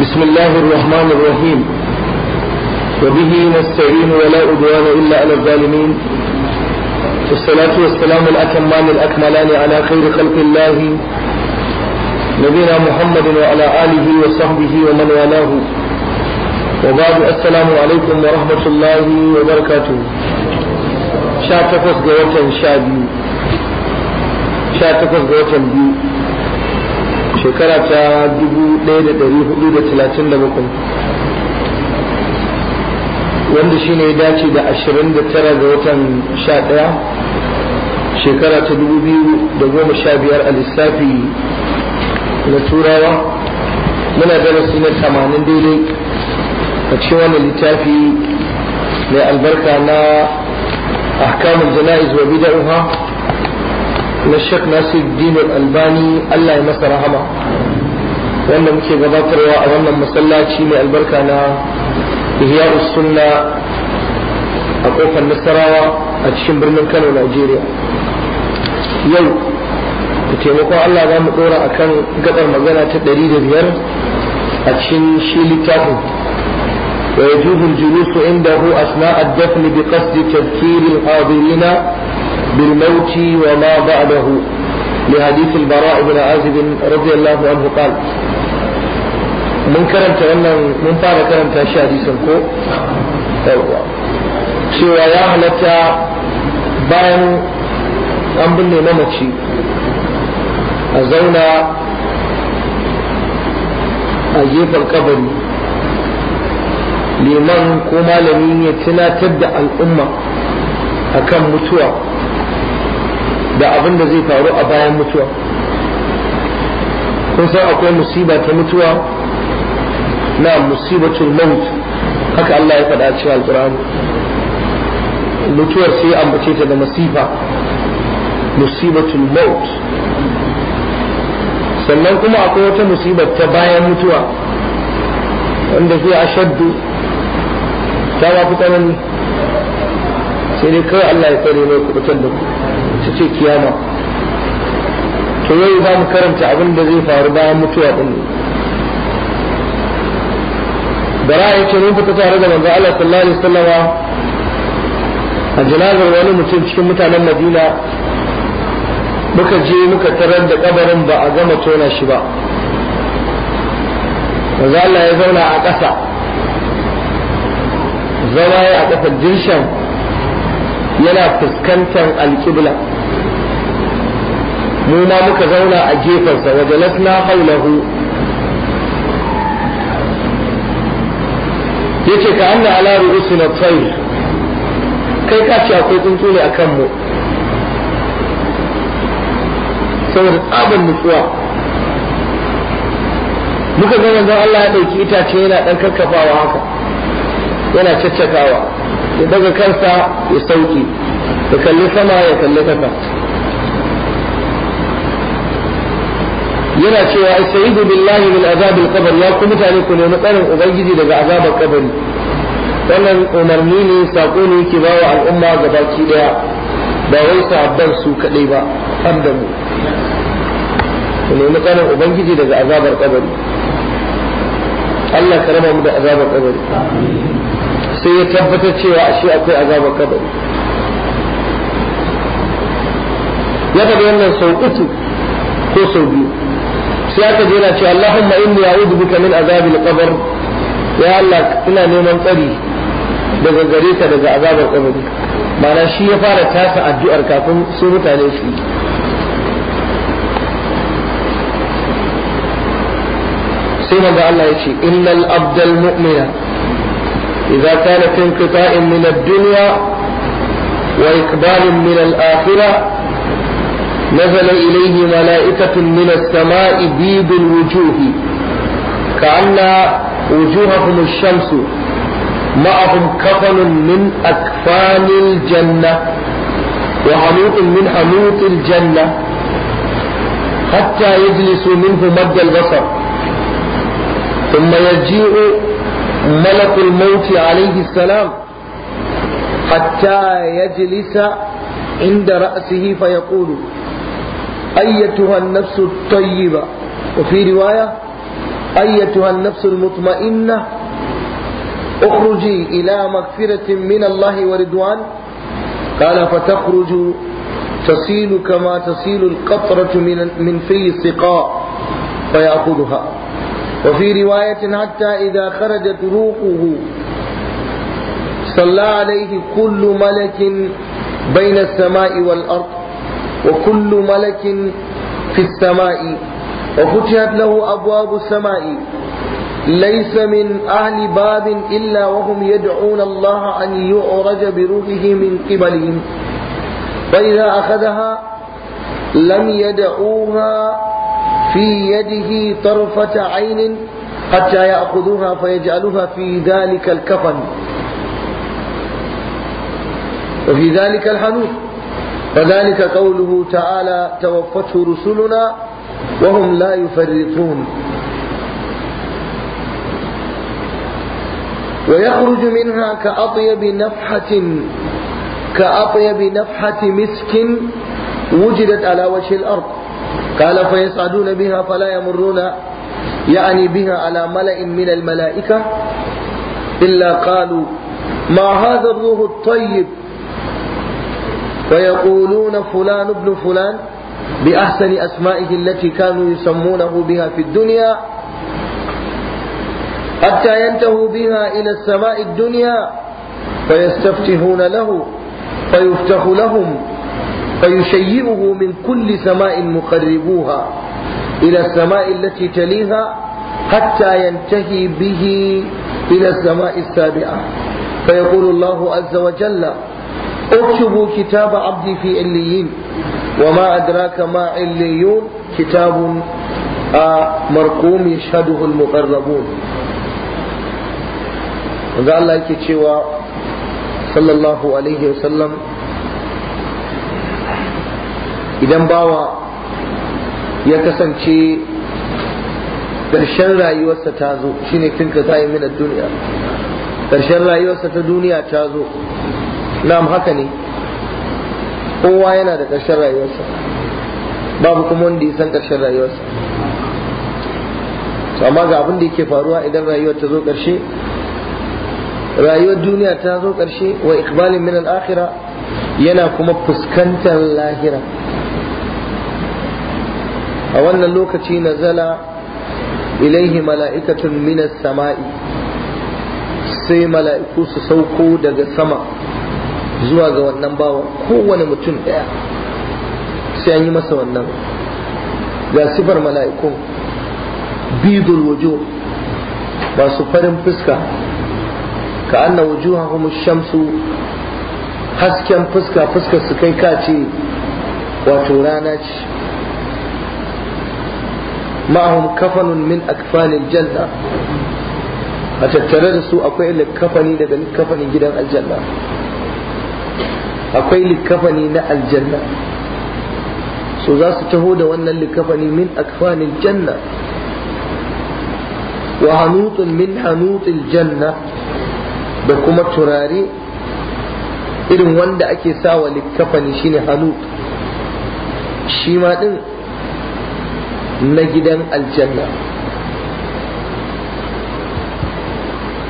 بسم الله الرحمن الرحيم وبه نستعين ولا عدوان إلا على الظالمين والصلاة والسلام الأتمان الأكملان على خير خلق الله نبينا محمد وعلى آله وصحبه ومن والاه وبعد السلام عليكم ورحمة الله وبركاته شاتفس قوة شادي شاتفس قوة بيو shekara ta 1437 wanda shine ya dace da 29 ga watan 11 shekara ta 2015 a lissafi na turawa muna darasi na 80 daidai a cikin wannan littafi mai albarka na ahkamul jana'iz wa bida'uha na Sheikh Nasir Dinar Albani Allah ya masa rahama wanda muke gabatarwa a wannan masallaci mai albarka na Ihya Sunna a kofar Nasarawa a cikin birnin Kano Najeriya yau da taimakon Allah za mu dora akan gabar magana ta ɗari da biyar a cikin shi littafin ويجوز الجلوس عنده أثناء الدفن بقصد تذكير الحاضرين بالموت وما بعده لحديث البراء بن عازب رضي الله عنه قال من كرمت أن من فعل كرمت أشياء دي سنكو cewa ya halatta bayan an binne mamaci a zauna a gefen kabari leman ko malami ya tunatar da al'umma akan mutuwa da abin da zai faru a bayan mutuwa kun san akwai musiba ta mutuwa na musibatul maut haka Allah ya faɗa cewa alƙur'ani mutuwar sai ambace ta da masifa musibatul maut sannan kuma akwai wata musibar ta bayan mutuwa wanda zai ashaddu ta ba fi tsanani sai dai kawai Allah ya tsare mai kubutar da ku ita ce kiyama to yau za mu karanta abin da zai faru bayan mutuwa din bara ya ce mun fita tare da manzo Allah sallallahu alaihi wasallama a jinazar wani mutum cikin mutanen Madina muka je muka tarar da kabarin ba a gama tona shi ba manzo Allah ya zauna a ƙasa zama ya a ƙasar dirshan yana fuskantar alkibla. mu muka zauna a gefensa wa jalasna haulahu yace ka anna ala ru'usina tayr kai ka ce akwai tsuntsu ne akan mu saboda tsaban nutsuwa muka ga manzon Allah ya dauki itace yana dan karkafawa haka yana caccakawa ya daga kansa ya sauki ya kalli sama ya kalli kasa yana cewa sa'idu billahi min azabil qabr ya kuma mutane ku nemi tsarin ubangiji daga azabar kabari wannan umarni ne sako ne yake bawa al'umma gabaki daya ba wai sabban su kadai ba har da mu ku nemi tsarin ubangiji daga azabar kabari Allah karama mu da azabar kabari sai ya tabbatar cewa ashe akwai azabar kabari ya faɗi wannan sau uku ko sau biyu sai aka je na ce Allahumma inni a'udhu bika min azabil qabr ya Allah ina neman tsari daga gare ka daga azabar kabari mana shi ya fara tasa addu'ar kafin su mutane su yi sai manzo Allah ya ce innal abdal mu'mina idza kana fi inqita'in min ad-dunya wa ikbalin min al-akhirah نزل إليه ملائكة من السماء بيض الوجوه كأن وجوههم الشمس معهم كفن من أكفان الجنة وحنوط من حنوط الجنة حتى يجلس منه مد البصر ثم يجيء ملك الموت عليه السلام حتى يجلس عند رأسه فيقول أيتها النفس الطيبة وفي رواية أيتها النفس المطمئنة اخرجي إلى مغفرة من الله ورضوان قال فتخرج تصيل كما تصيل القطرة من من في السقاء فيأخذها وفي رواية حتى إذا خرجت روحه صلى عليه كل ملك بين السماء والأرض وكل ملك في السماء وفتحت له أبواب السماء ليس من أهل باب إلا وهم يدعون الله أن يعرج بروحه من قبلهم فإذا أخذها لم يدعوها في يده طرفة عين حتى يأخذوها فيجعلوها في ذلك الكفن وفي ذلك الحنوف وذلك قوله تعالى توفته رسلنا وهم لا يفرطون ويخرج منها كأطيب نفحة كأطيب نفحة مسك وجدت على وجه الأرض قال فيصعدون بها فلا يمرون يعني بها على ملأ من الملائكة إلا قالوا ما هذا الروح الطيب فيقولون فلان ابن فلان بأحسن أسمائه التي كانوا يسمونه بها في الدنيا حتى ينتهوا بها إلى السماء الدنيا فيستفتحون له فيفتح لهم فيشيئه من كل سماء مقربوها إلى السماء التي تليها حتى ينتهي به إلى السماء السابعة فيقول الله عز وجل اكتبوا كتاب عبدي في عليين وما أدراك ما عليون كتاب مرقوم يشهده المقربون قال الله يكتشوا صلى الله عليه وسلم idan bawa ya kasance ƙarshen rayuwarsa ta zo shine tun ka sa yi duniya ƙarshen rayuwarsa ta duniya ta zo na'am haka ne kowa yana da ƙarshen rayuwarsa babu kuma wanda ya san ƙarshen rayuwarsa to amma ga abin da yake faruwa idan rayuwar ta zo ƙarshe rayuwar duniya ta zo ƙarshe wa ikbalin min al-akhirah yana kuma fuskantar lahira a wannan lokaci nazala ilaihi mala'ikatun as sama'i sai mala'iku su sauko daga sama zuwa ga wannan bawan kowane mutum ɗaya sai an yi masa wannan ga sifar mala'iku bidul wujo masu farin fuska ka anna wujuhahum shamsu hasken fuska fuskar su kai kace wato rana ce ma'ahum kafanun min akfalil janna a tattare da su akwai kafani daga kafanin gidan aljanna akwai likafani na aljanna so za su taho da wannan likafani min akfanin janna wa hanutun min hanutil janna da kuma turare irin wanda ake sawa likafani shine hanut shi ma din na gidan aljanna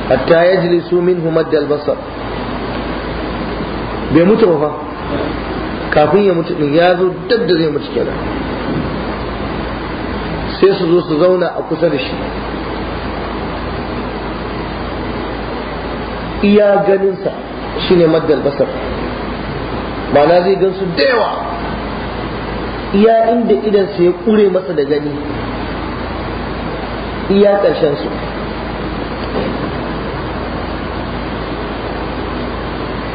hatta yajlisu minhu maddal basar bai mutu ba kafin ya mutu din ya zo duk da zai mutu kenan sai su zo su zauna a kusa da shi iya ganinsa shine maddal basar zai gan su da yawa iya inda idansa ya kure masa da gani iya ƙarshen su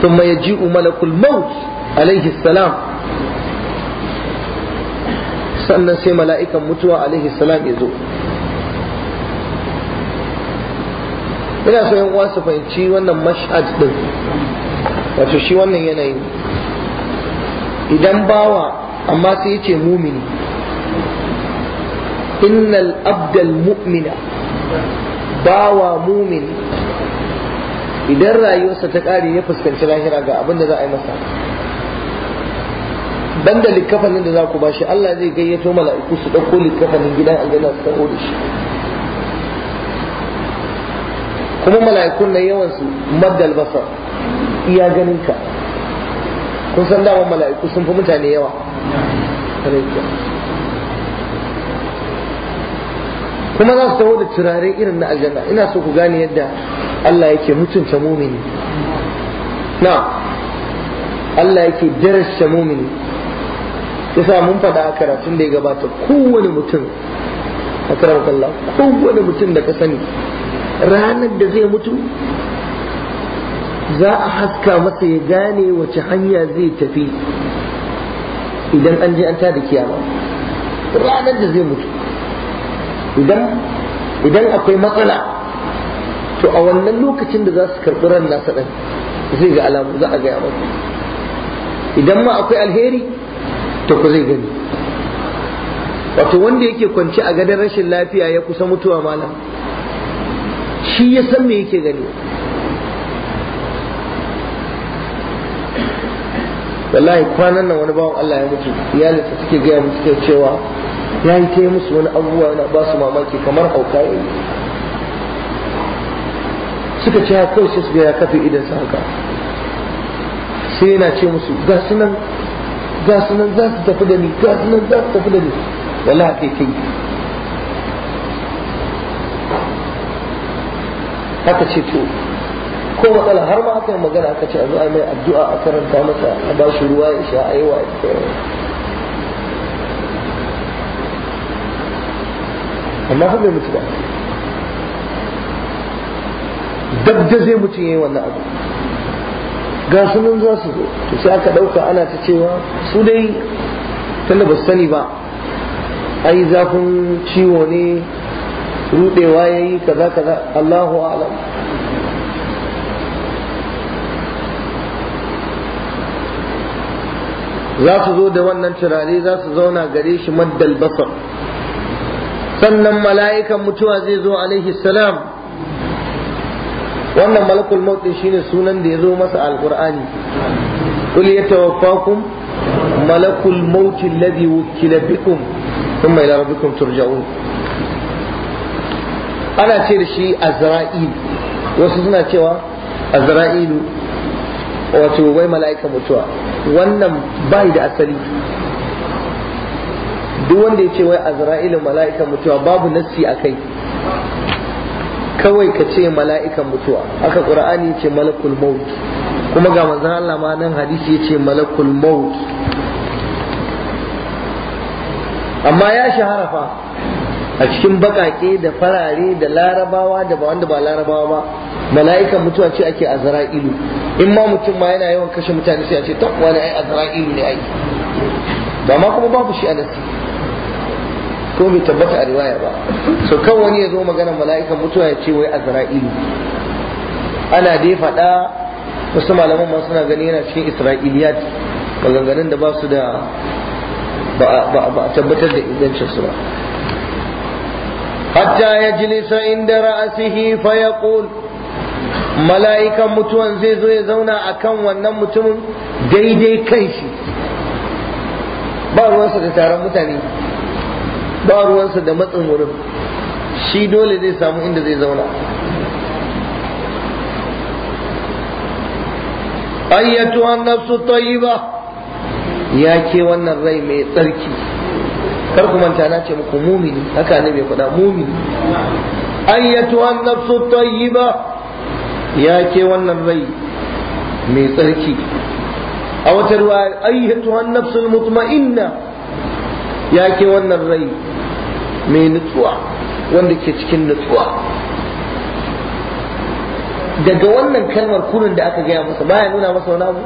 ثم يجيء ملك الموت عليه السلام sannan sai mala'ikan mutuwa alaihi salam ya zo ina so yan uwa su fahimci wannan mash'ad din wato shi wannan yanayin idan bawa amma sai ya ce mumini innal abdal mu'mina bawa mumini idan rayuwarsa ta ƙare ya fuskanci lahira ga abin da za a yi masa dan da likafanin da za ku ba shi Allah zai gayyato mala'iku su ɗauko likafanin gidan aljanna su kawo da shi kuma mala'ikun nan yawan su maddal basar iya ganin ka kun san dama mala'iku sun fi mutane yawa kuma za su taho da turare irin na aljanna ina so ku gane yadda Allah yake mutunta mumini na Allah yake darasta mumini yasa mun faɗa a karatun da ya gabata kowane mutum a Allah kowane mutum da ka sani ranar da zai mutu za a haska masa ya gane wace hanya zai tafi idan an je an tada kiyama ranar da zai mutu idan akwai matsala to a wannan lokacin da za su karɓi ran nasa ɗan zai ga alamu za a gaya masa idan ma akwai alheri to ku zai gani wato wanda yake kwance a gadon rashin lafiya ya kusa mutuwa malam shi ya san me yake gani wallahi kwanan nan wani bawan Allah ya mutu iyalinsa suke gaya musu cewa ya yi ta musu wani abubuwa na ba su mamaki kamar hauka yi suka ce kawai sai su ga ya kafe idan sa haka sai yana ce musu ga sunan ga za su tafi da ni ga sunan za su tafi da ni wala kai kai haka ce to ko matsala har ma aka yi magana aka ce a zo a mai addu'a a karanta masa a ba shi ruwa ya sha a yi wa amma har bai mutu ba dab da zai mutum yi wannan abu ga sunan za su zo to sai aka ɗauka ana ta cewa su dai tunda ba sani ba ai zafin ciwo ne rudewa ya yi kaza kaza Allahu alam za su zo da wannan turare za su zauna gare shi maddal basar sannan mala'ikan mutuwa zai zo alaihi salam wannan malakul mautin shine sunan da ya zo masa ya qul yatawaffakum malakul mauti alladhi wukila bikum thumma ila rabbikum turja'un ana ce da shi azra'il wasu suna cewa Azra'il wato wai mala'ika mutuwa wannan bai da asali duk wanda ya ce wai Azra'il mala'ika mutuwa babu nassi akai kawai ka ce mala'ikan mutuwa aka qur'ani ce malakul maut kuma ga manzon Allah ma nan hadisi yace malakul maut amma ya shahara fa a cikin bakake da farare da larabawa da ba wanda ba larabawa ba mala'ikan mutuwa ce ake azra'ilu in ma mutum ma yana yawan kashe mutane sai a ce ta wani ai azra'ilu ne ai ba ma kuma babu shi a nasi ko bai tabbata a riwaya ba so kan wani ya zo magana mala'ikan mutuwa ya ce wai azra'ili ana dai faɗa wasu malaman ma suna gani yana cikin isra'iliyat maganganun da ba su da ba a tabbatar da ingancin su ba hatta ya jilisa inda ra'asihi fa yaqul mala'ikan mutuwan zai zo ya zauna a kan wannan mutumin daidai kai shi ba ruwansa da taron mutane ba ruwansa da matsin wurin shi dole zai samu inda zai zauna ayyatu an nafsu tayyiba ya ke wannan rai mai tsarki kar ku manta na ce muku mumini haka ne bai faɗa mumini ayyatu an nafsu tayyiba ya ke wannan rai mai tsarki a wata ruwa ayyatu an nafsu mutma'inna ya ke wannan rai mai nutsuwa wanda ke cikin nutsuwa daga wannan kalmar kunin da aka gaya masa baya nuna masa wani abu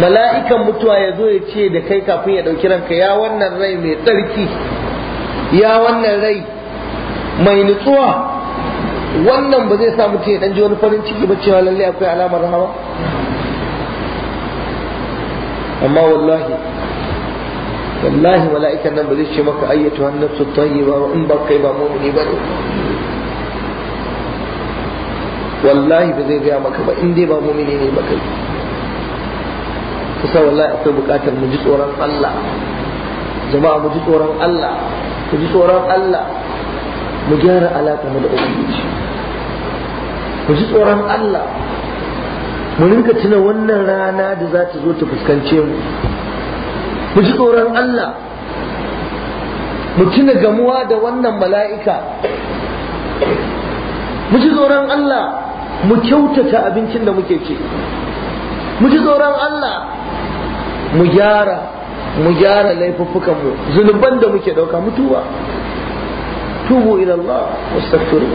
mala'ikan mutuwa ya zo ya ce da kai kafin ya ɗauki ranka ya wannan rai mai tsarki ya wannan rai mai nutsuwa wannan ba zai sa mutum ya ji wani farin ciki ba cewa lallai akwai alamar rahama amma wallahi wallahi mala'ikan nan ba zai ce maka ayyatu hannatu tayyiba ba in ba kai ba mu'mini ba ne wallahi ba zai gaya maka ba ba ne kusa wallahi akwai bukatar mu ji tsoron Allah jama'a mu ji tsoron Allah mu ji tsoron Allah mu gyara alaka mu da ubangiji mu ji tsoron Allah mu rinka tuna wannan rana da za ta zo ta fuskance mu mu ji tsoron Allah mu tuna gamuwa da wannan mala'ika mu ji tsoron Allah mu kyautata abincin da muke ci mu ji tsoron Allah mu gyara mu gyara laifuffukanmu zunuban da muke ɗauka mutuwa tubu ila Allah wastaghfiru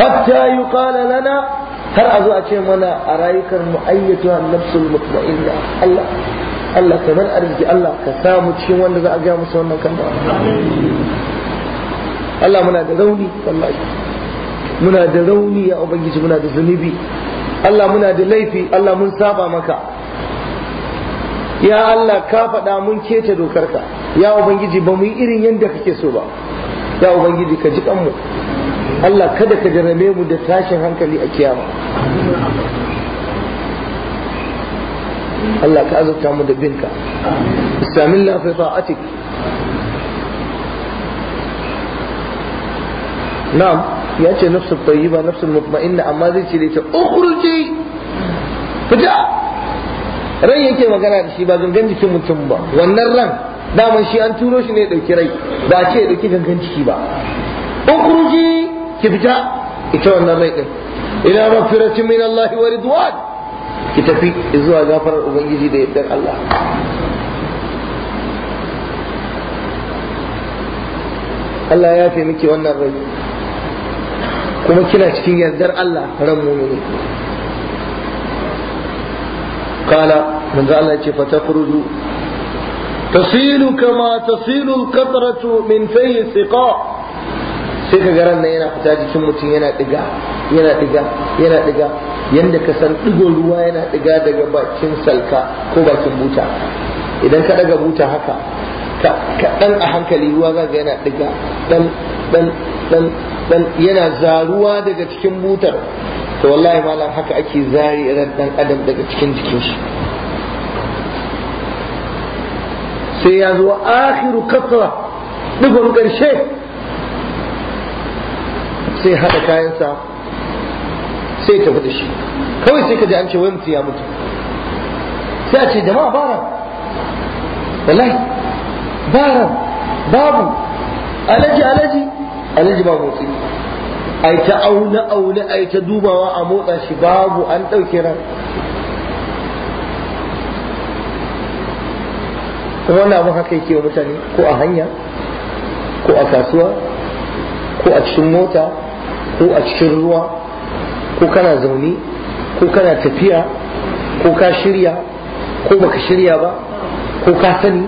hatta yuqala lana har a zo a ce mana a rayukar mu ayyatu an-nafsul mutma'inna Allah Allah ka bar arziki Allah ka samu cikin wanda za a gaya musu wannan kanta. Allah muna da rauni wallahi muna da rauni ya ubangiji muna da zunubi Allah muna da laifi Allah mun saba maka ya Allah ka faɗa mun keta dokarka ya ubangiji ba mu yi irin yadda kake so ba ya ubangiji ka ji kanmu Allah kada ka jarame mu da tashin hankali a kiyama Allah ka azurta mu da binka istamilla fi ta'atik na'am ya ce nafsu tayyiba nafsu mutma'inna amma zai ce da ita ukhruji fita ran yake magana da shi ba gangan jikin mutum ba wannan ran daman shi an turo shi ne dauki rai ba ce ya dauki gangan jiki ba ukhruji ki fita ita wannan rai din ila mafiratin min Allah wa ridwan ki tafi zuwa gafarar ubangiji da yardar Allah Allah ya fi miki wannan rai kuma kina cikin yardar Allah ran mumini kala manzo Allah ce fa takhruju tasilu kama tasilu alqatratu min fayi siqa sai ka garan nan yana fita jikin mutum yana diga yana diga yana diga yadda ka san ɗigo ruwa yana ɗiga daga bakin salka ko bakin buta idan ka daga buta haka kaɗan a hankali ruwa za ga yana ɗiga ɗan ɗan ɗan yana zaruwa daga cikin butar to wallahi malam haka ake zari ran ɗan adam daga cikin jikin shi sai ya zo akhiru kasra ɗigon ƙarshe sai haɗa kayansa sai ya tafi da shi kawai sai ka ji an ce wai mutum ya mutu sai a ce jama'a bara wallahi bara babu alaji alaji alaji babu motsi ai ta aune aune ai ta dubawa a motsa shi babu an ɗauke ran wannan abu haka yake wa mutane ko a hanya ko a kasuwa ko a cikin mota ko a cikin ruwa ko kana zaune ko kana tafiya ko ka shirya ko baka shirya ba ko ka sani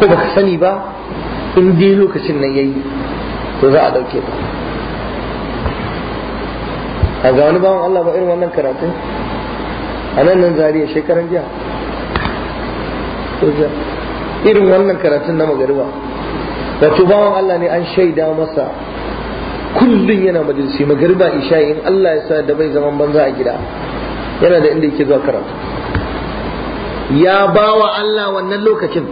ko baka sani ba in dai lokacin nan yayi to za a dauke ka a ga wani bawan Allah ba irin wannan karatun a nan nan zariya shekaran jiya irin wannan karatun na magariba wato bawan Allah ne an shaida masa kullum yana majalisi magariba isha in Allah ya sa da bai zaman banza a gida yana da inda yake zuwa karatu ya ba wa Allah wannan lokacin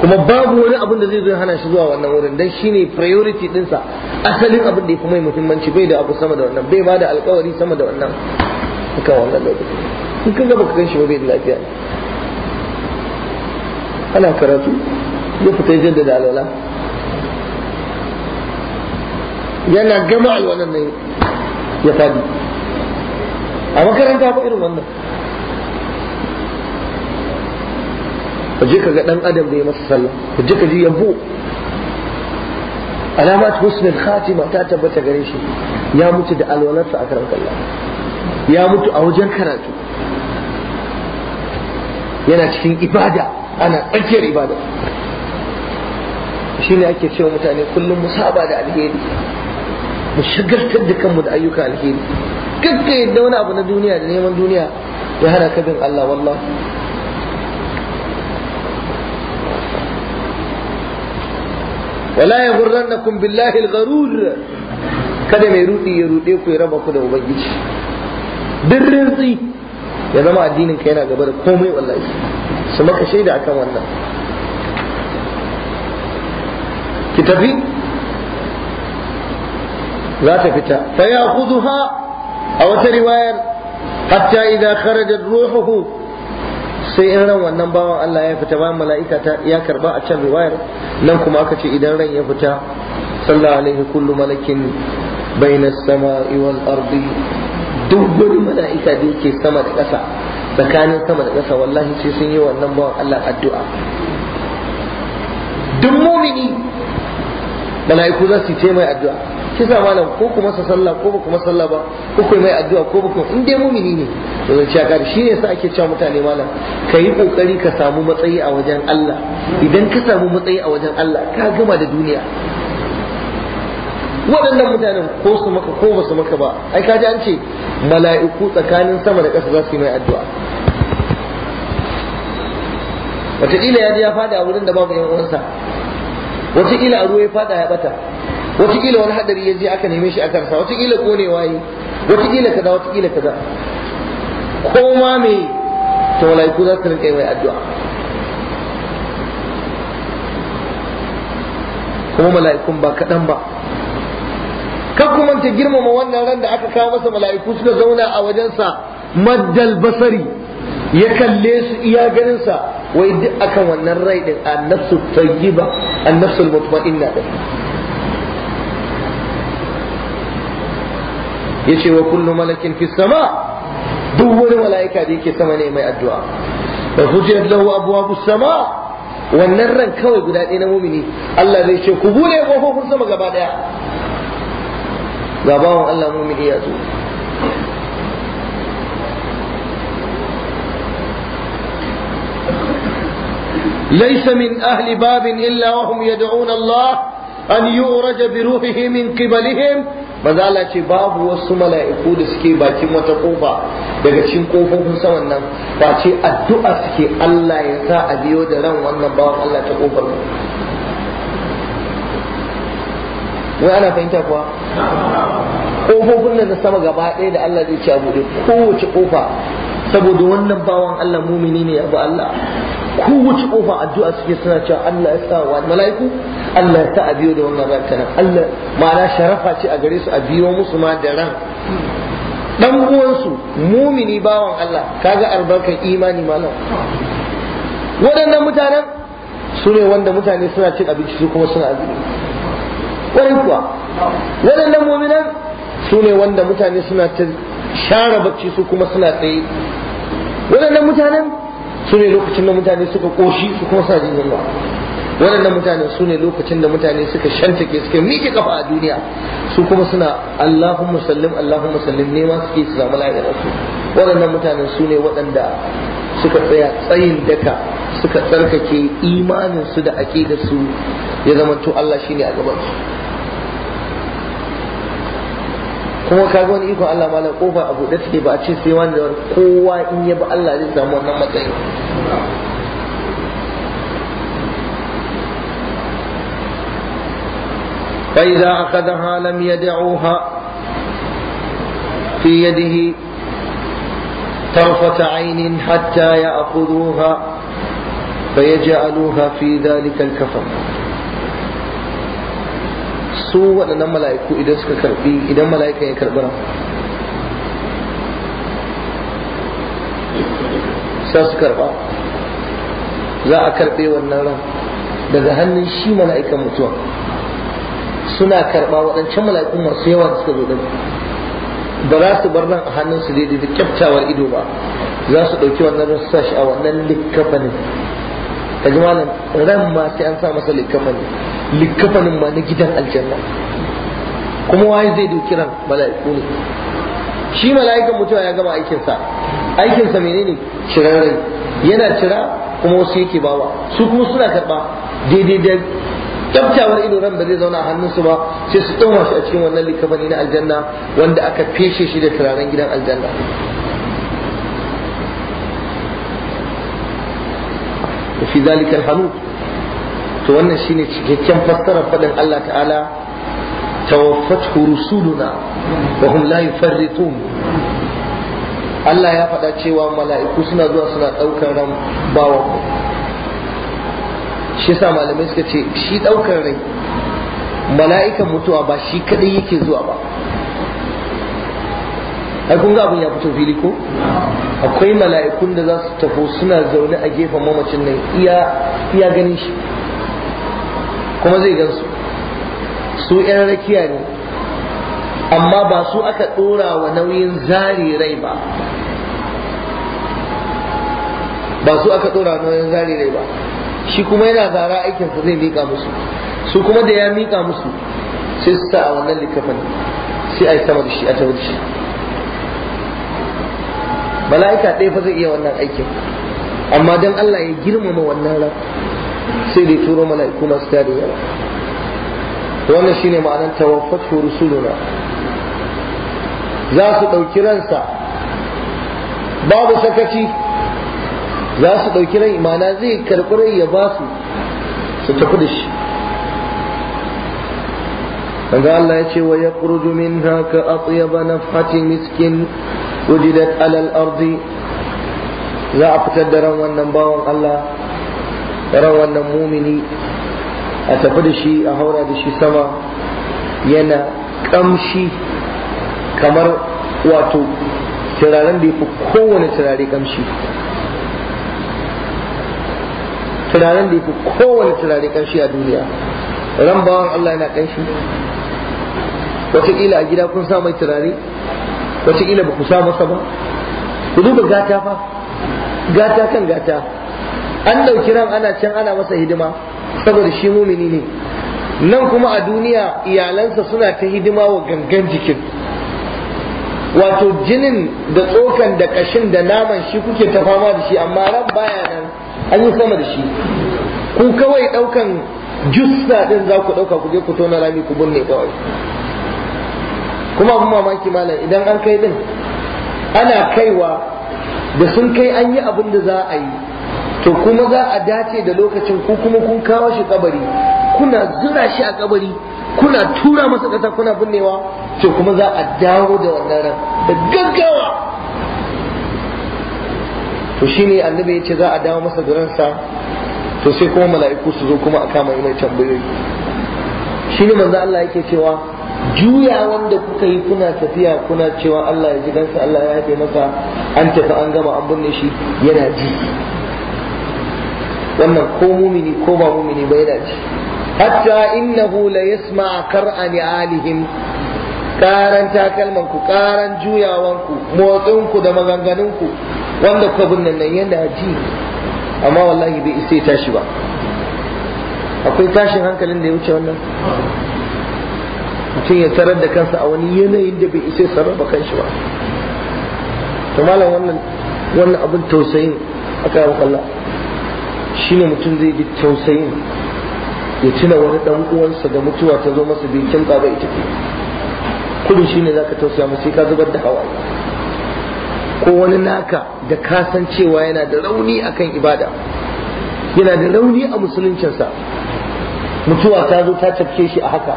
kuma babu wani abin da zai zo hana shi zuwa wannan wurin dan shine priority dinsa asalin abin da yake mai muhimmanci bai da abu sama da wannan bai ba da alƙawari sama da wannan kuka wannan lokacin in kaga baka gan shi ba bai da lafiya ana karatu ya fita da alwala yana gama a wannan ne ya fadi a makaranta ba irin wannan ka je ka ga dan adam da ya masa sallah ka je ka ji yabo alamat husnul khatima ta tabbata gare shi ya mutu da alwalarsa a karan kallon ya mutu a wajen karatu yana cikin ibada ana tsakiyar ibada shi ne ake cewa mutane kullum musaba da alheri mu shagaltar da kanmu da ayyuka alheri kakka yadda wani abu na duniya da neman duniya ya hana ka bin Allah wallahi wala ya gurrannakum billahi al-gharur kada mai rudi ya rude ku ya raba ku da ubangiji dirrin tsi ya zama addinin ka yana gaba da komai wallahi su maka shaida akan wannan ki tafi za ta fita fa ya khudhuha a wata riwayar hatta idan kharaja ruhuhu sai in ran wannan bawan Allah ya fita bayan mala'ika ta ya karba a can riwayar nan kuma aka ce idan ran ya fita sallallahu alaihi kullu malakin bainas sama'i wal ardi duk wani mala'ika da yake sama da ƙasa tsakanin sama da ƙasa wallahi sai sun yi wannan bawan Allah addu'a duk mumini mala'iku za su yi mai addu'a Kisa malam ko kuma sa sallah ko ba kuma sallah ba ko kuma mai addu'a ko ba in dai mumini ne to zan cewa kare shi ne yasa ake cewa mutane malam ka yi kokari ka samu matsayi a wajen Allah idan ka samu matsayi a wajen Allah ka gama da duniya waɗannan mutanen ko su maka ko ba su maka ba ai kaji an ce mala'iku tsakanin sama da ƙasa za su yi mai addu'a wataƙila ya ji ya fada a wurin da babu yan uwansa wataƙila a ruwa ya fada ya bata wataƙila wani hadari ya je aka neme shi aka rasa wataƙila konewa waye wataƙila kaza wataƙila kaza ko ma me to malaiku za su rinka mai addu'a kuma mala'ikun ba kaɗan ba kan kuma ta girmama wannan ran da aka kawo masa mala'iku suka zauna a wajensa maddal basari ya kalle su iya ganinsa wai duk akan wannan rai din annafsu tayyiba annafsu mutma'inna din يشي وكل ملك في السماء دول ملائكة ديك السماء ما يأدعى فخجرت له أبواب السماء والنر كوى قدال إنا مؤمنين الله ذي شيء وهو فرصة مقابل يا قباهم الله مؤمنين يا زول ليس من أهل باب إلا وهم يدعون الله an yuraja bi ruhihi min qibalihim bazala ce babu wasu mala'iku da suke bakin wata kofa daga cikin kofofin saman nan ba addu'a suke Allah ya sa a biyo da ran wannan bawan Allah ta kofar wai ana fahimta kuwa kofofin nan na sama gaba ɗaya da Allah zai ci buɗe kowace kofa saboda wannan bawan Allah mumini ne abu Allah kowace kofa addu'a suke suna cewa Allah ya sa wa mala'iku Allah ta a biyo da wannan ran ta nan Allah ma'ana sharafa ce a gare su a biyo musu ma da ran dan uwansu mumini bawan Allah kaga albarkar imani malam waɗannan mutanen su ne wanda mutane suna cin abinci su kuma suna azumi wani kuwa waɗannan muminan su ne wanda mutane suna ta share bacci su kuma suna tsaye waɗannan mutanen su ne lokacin da mutane suka ƙoshi su kuma suna jin yunwa waɗannan mutane su ne lokacin da mutane suka shantake suka miƙe kafa a duniya su kuma suna Allahumma sallim Allahumma sallim nema suke su samu su, waɗannan mutane su ne waɗanda suka tsaya tsayin daka suka tsarkake imanin su da da su ya zama to Allah shine a gaban su kuma kaga wani iko Allah malam kofa abu da take ba a ce sai wani kowa in ya ba Allah zai samu wannan matsayi فإذا أخذها لم يدعوها في يده طرفة عين حتى يأخذوها فيجعلوها في ذلك الكفن su waɗannan mala'iku idan suka karbi idan mala'ikan ya karbi ran sai su karba za a karbe wannan ran daga hannun shi mala'ikan mutuwa suna karɓa waɗancan mala'ikun masu yawa da suka zo din ba za su bar nan a hannunsu daidai da kyaftawar ido ba za su ɗauki wannan research a wannan likkafanin ka ji malam ran ma sai an sa masa likkafanin likkafanin ma na gidan aljanna kuma waye zai ɗauki ran mala'iku ne shi mala'ikan mutuwa ya gama aikinsa aikinsa menene cirar rai yana cira kuma wasu yake bawa su kuma suna karɓa daidai da tabtawar ido ran ba zai zauna a hannunsu ba sai su tsoma shi a cikin wannan likafani na aljanna wanda aka feshe shi da turaren gidan aljanna da fi zalikar hannu to wannan shine cikakken fassarar faɗin Allah ta'ala tawaffatu rusuluna wa hum la yufarritun Allah ya faɗa cewa mala'iku suna zuwa suna ɗaukar ran bawa shi sa malamai suka ce shi ɗaukar rai mala'ikan mutuwa ba shi kadai yake zuwa ba ai kun ga abin ya fito fili ko akwai mala'ikun da za su tafi suna zaune a gefen mamacin nan iya ganin shi kuma zai gansu su yan rakiya ne amma ba su aka ɗora wa nauyin zari rai ba ba su aka ɗora nauyin zari rai ba shi kuma yana zara aikinsa zai miƙa musu su kuma da ya miƙa musu sai su sa a wannan littafin sai a yi sama da shi a tabar shi mala'ika ɗaya fa zai iya wannan aikin amma don Allah ya girmama wannan ran sai dai turo mala'iku masu tare yawa wannan shine ma'anar ko rusuluna za su ɗauki ransa babu sakaci za su ɗauki rai mana zai karɓi rai ya ba su su tafi da shi kaga Allah ya ce wa ya kurju min haka na fatin miskin wujidat alal arzi. za a fitar da ran wannan bawan Allah ran wannan mumini a tafi da shi a haura da shi sama yana kamshi kamar wato turaren da ya fi kowane turare kamshi tunanin da yake kowane turare kanshi a duniya ran bawan Allah yana kanshi wataƙila a gida kun sa mai turare wataƙila ba ku sa masa ba ku duba gata fa gata kan gata an ɗauki ran ana can ana masa hidima saboda shi mumini ne nan kuma a duniya iyalansa suna ta hidima wa gangan jikin wato jinin da tsokan da kashin da naman shi kuke ta fama da shi amma ran baya nan an yi sama da shi ku kawai ɗaukan jussa ɗin za ku ɗauka ku je ku tona rami ku binne kawai kuma abin mamaki malam idan an kai din ana kaiwa da sun kai an yi abin da za a yi to kuma za a dace da lokacin ku kuma kun kawo shi kabari kuna zura shi a kabari kuna tura masa ƙasa kuna binnewa to kuma za a dawo da wannan ran da gaggawa to ne annabi ya ce za a dawo masa garansa to sai kuma mala'iku su zo kuma a kama mai tambayoyi ne manzo Allah yake cewa juya wanda kuka yi kuna tafiya kuna cewa Allah ya ji gansa Allah ya haife masa an tafi an gama an binne shi yana ji wannan ko mumini ko ba mumini ba yana ji hatta innahu la yasma qar'an alihim karanta takalman ku karan juyawan ku da maganganunku. wanda kwabin nan nan yadda ji amma wallahi bai isa ya tashi ba akwai tashin hankalin da ya wuce wannan mutum ya tarar da kansa a wani yanayin da bai isa ya sarrafa kanshi ba to malam wannan wannan abin tausayin aka yi shi shine mutum zai ji tausayin ya tuna wani dan uwansa da mutuwa ta zo masa bai kinta ba ita ce kudin shine zaka tausaya masa sai ka zubar da hawaye ko wani naka da kasancewa yana da rauni akan ibada yana da rauni a musuluncinsa mutuwa ta zo ta cafke shi a haka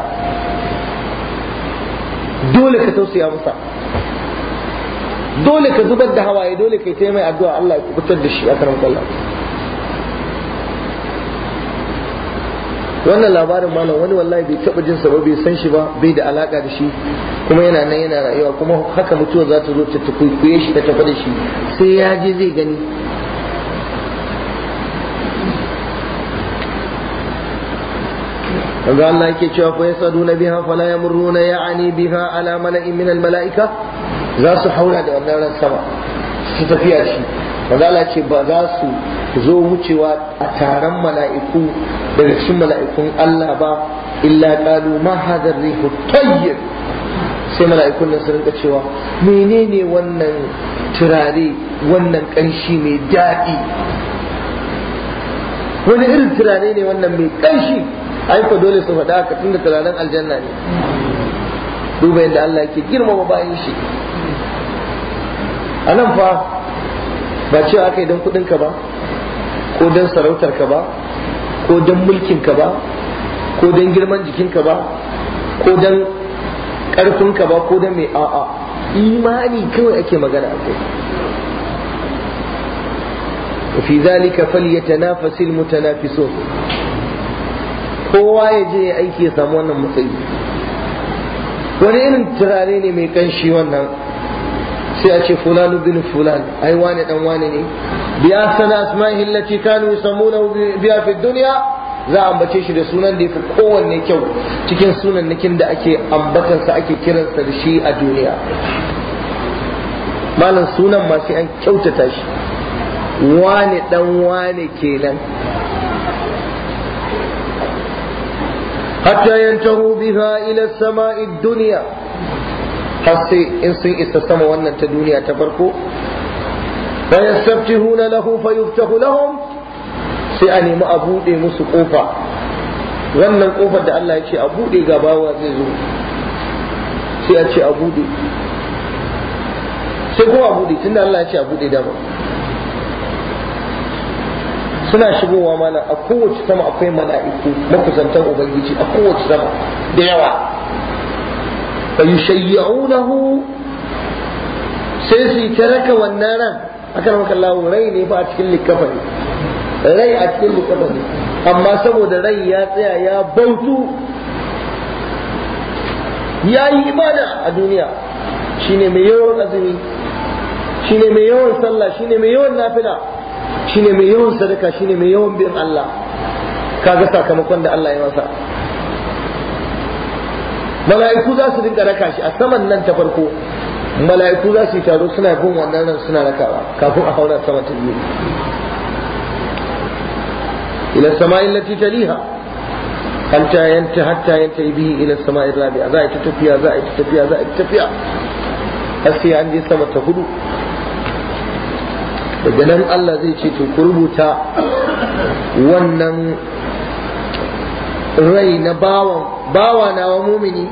dole ka tausaya masa dole ka zubar da hawaye dole ka yi ta mai addu'a Allah ya kubutar da shi a karan wannan labarin malam wani wallahi bai taba jin sa ba bai san shi ba bai da alaka da shi kuma yana nan yana rayuwa kuma haka mutuwa za ta zo ta tukuye shi ta tafi da shi sai ya je zai gani kaga Allah yake cewa fa yasaduna biha fala yamurruna ya'ani biha ala mala'in min al-mala'ika za su haura da wannan ran sama su tafiya shi kaga Allah ce ba za su zo wucewa a taron mala'iku daga cikin mala'ikun Allah ba illa ƙalu ma hadha rihu tayyib sai mala'ikun nan su rinka cewa menene wannan turare wannan ƙanshi mai daɗi wani irin turare ne wannan mai ƙanshi ai dole su faɗa ka da turaren aljanna ne duba yadda Allah yake girmama bayan shi a nan fa ba cewa aka yi don kuɗinka ba ko don sarautar ba ko don mulkin ka ba ko don girman jikinka ba ko don ƙarfinka ba ko don mai a'a imani kawai ake magana a kai وفي ذلك فليتنافس kowa ya je ya aiki ya samu wannan matsayi wani irin turare ne mai kanshi wannan sai a ce fulanu bin fulan ai wane dan wane ne biya sana asma'ihi allati kanu yusammuna biya fi dunya za a ambace shi da sunan da yafi kowanne kyau cikin sunannikin da ake ambatansa ake kiransa da shi a duniya malam sunan ma sai an kyautata shi wane dan wane kenan hatta yantahu biha ila sama'id dunya har sai in sun isa sama wannan ta duniya ta farko fa yastaftihuna lahu fa yuftahu lahum sai a nemi a bude musu kofa wannan kofar da Allah ya ce a bude ga bawa zai zo sai a ce a bude sai kuma a bude tunda Allah ya ce a buɗe dama suna shigowa mana a kowace sama akwai mala'iku makusantan ubangiji a kowace sama da yawa fa yushayyi'unahu sai su yi ta raka wannan ran akan maka lawo rai ne fa a cikin likafani rai a cikin likafani amma saboda rai ya tsaya ya bautu ya yi imana a duniya shine mai yawan azumi shine mai yawan sallah shine mai yawan nafila shine mai yawan sadaka shine mai yawan bin Allah kaga sakamakon da Allah ya masa mala'iku za su dinga raka shi a saman nan ta farko mala'iku za su yi taro suna bin wannan ran suna rakawa kafin a haura sama ta biyu ila sama'i allati taliha hatta yanta hatta yanta bihi ila sama'i rabi'a za a yi ta tafiya za a yi ta tafiya za a yi ta tafiya har sai an je sama ta hudu daga nan Allah zai ce to ku rubuta wannan rai na bawan bawa na wa mumini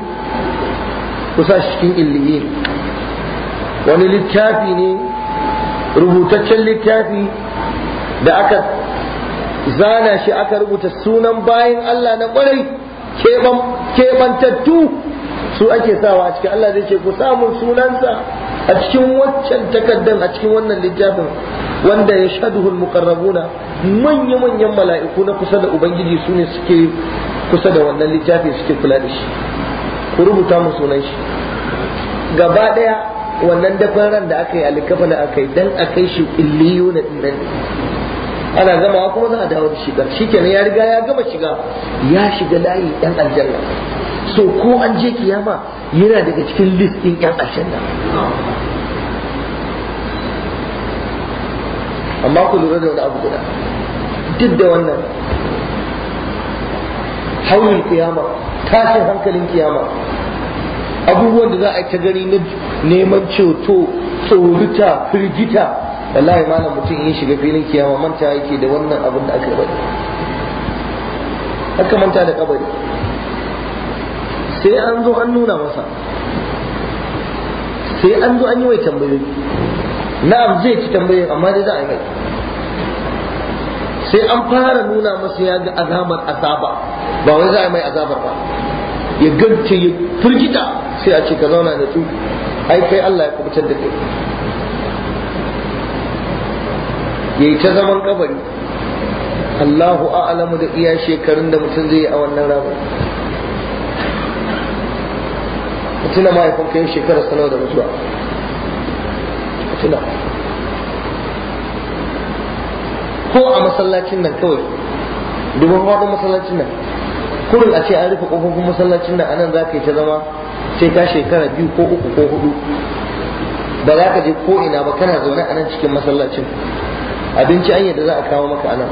ku shi cikin illiyin wani littafi ne rubutaccen littafi da aka zana shi aka rubuta sunan bayan Allah na kwarai keɓantattu su ake sawa a cikin Allah zai ce ku samun sunansa a cikin waccan takardar a cikin wannan littafin wanda ya shaduhul muqarrabuna manya-manyan mala'iku na kusa da ubangiji su ne suke kusa da wannan littafi suke kula da shi ku rubuta mu sunan shi gaba daya wannan dafan ran da aka yi a likafana aka yi dan a kai shi illiyo na dinnan ana gamawa kuma za a dawo da shigar shi kenan ya riga ya gama shiga ya shiga layi yan aljanna so ko an je kiyama yana daga cikin list din yan aljanna amma ku lura da wani abu guda duk da wannan haunin kiyama tashin hankalin kiyama abubuwan da za a ta gani na neman ceto tsorita firgita da wallahi malam mutum ya shiga filin kiyama manta yake da wannan abin da aka bari aka manta da kabari sai an zo an nuna masa sai an zo an yi mai tambayoyi na'am zai ci tambayoyi amma da za a yi mai sai an fara nuna masa ya ga azabar azaba ba wai za a mai azabar ba ya gance ya firgita sai a ce ka zauna da su ai kai Allah ya kubutar da kai yayi ta zaman kabari Allahu a'lamu da iya shekarun da mutum zai yi a wannan ranar tuna mahaifin kai shekarar sanar da mutuwa tuna ko a masallacin nan kawai domin faɗin masallacin nan kurin a ce an rufe ƙofofin masallacin nan anan za ka yi ta zama sai ka shekara biyu ko uku ko hudu ba za ka je ko ina ba kana zaune anan cikin masallacin abinci an yadda za a kawo maka anan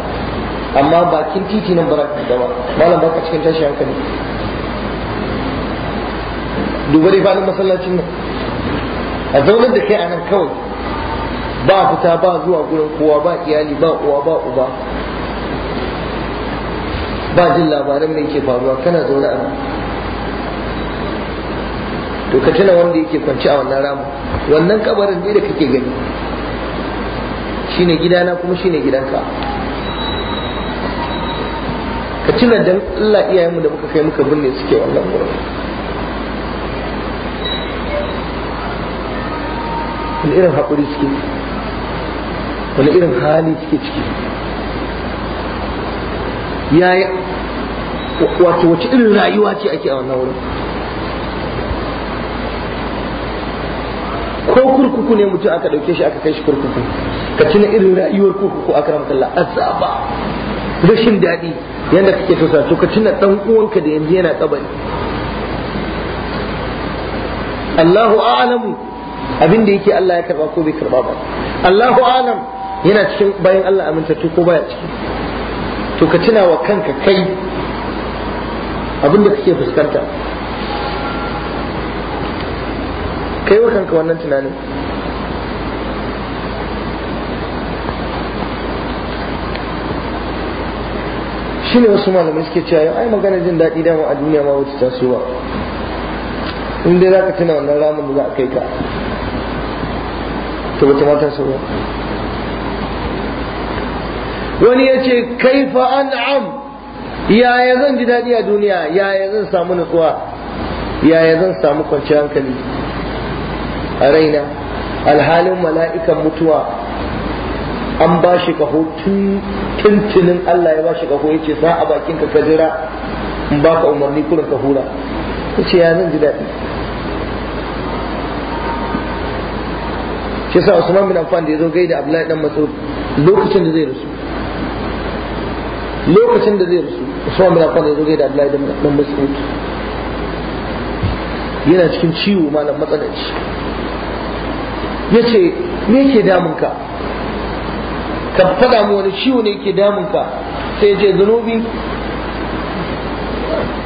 amma bakin titi nan ba ka gaba malam baka cikin tashi hankali duba dai faɗin masallacin nan a zaunar da kai anan kawai ba fita ba zuwa gurin kowa ba iyali ba uwa ba uba ba jin labaran me ke faruwa kana zaune a to ka tuna wanda yake kwanci a wannan ramu wannan kabarin ne da kake gani shine gidana kuma shine gidanka ka tuna dan Allah iyayenmu da muka kai muka binne suke wannan gurin irin haƙuri suke wani irin hali suke ciki yaya wato wace irin rayuwa ce ake a wannan wurin ko kurkuku ne mutum aka ɗauke shi aka kai shi kurkuku ka tuna irin rayuwar kurkuku a aka ramtalla azaba rashin daɗi yadda kake so sa to ka tuna ɗan uwanka da yanzu yana kabari Allahu a'lamu abin da yake Allah ya karba ko bai karba ba Allahu a'lam yana cikin bayan Allah aminta tu ko baya ciki to ka tuna wa kanka kai abinda kake fuskanta kai wa kanka wannan tunanin shi ne wasu malamai suke cewa yau ai magana jin daɗi dama a duniya ma wata tasowa in dai za ka tuna wannan ramin da za a kai ka to wata mata sauwa wani ya ce kaifa an'am yaya zan ji daɗi a duniya yaya zan samu nutsuwa yaya zan samu kwanciyar hankali a raina alhalin mala'ikan mutuwa an ba shi kaho tuntunin Allah ya ba shi kaho ya ce sa a bakin ka kajira in ba ka umarni kurin ka hura ya ce ya zan ji daɗi shi sa Usman bin Affan da ya zo gaida Abdullahi dan Mas'ud lokacin da zai rasu lokacin da zai rasu usman bin affan ya zo da abdullahi dan mas'ud yana cikin ciwo malam matsalaci ya ce me ke damunka ka faɗa mu wani ciwo ne ke damunka sai ya ce zunubi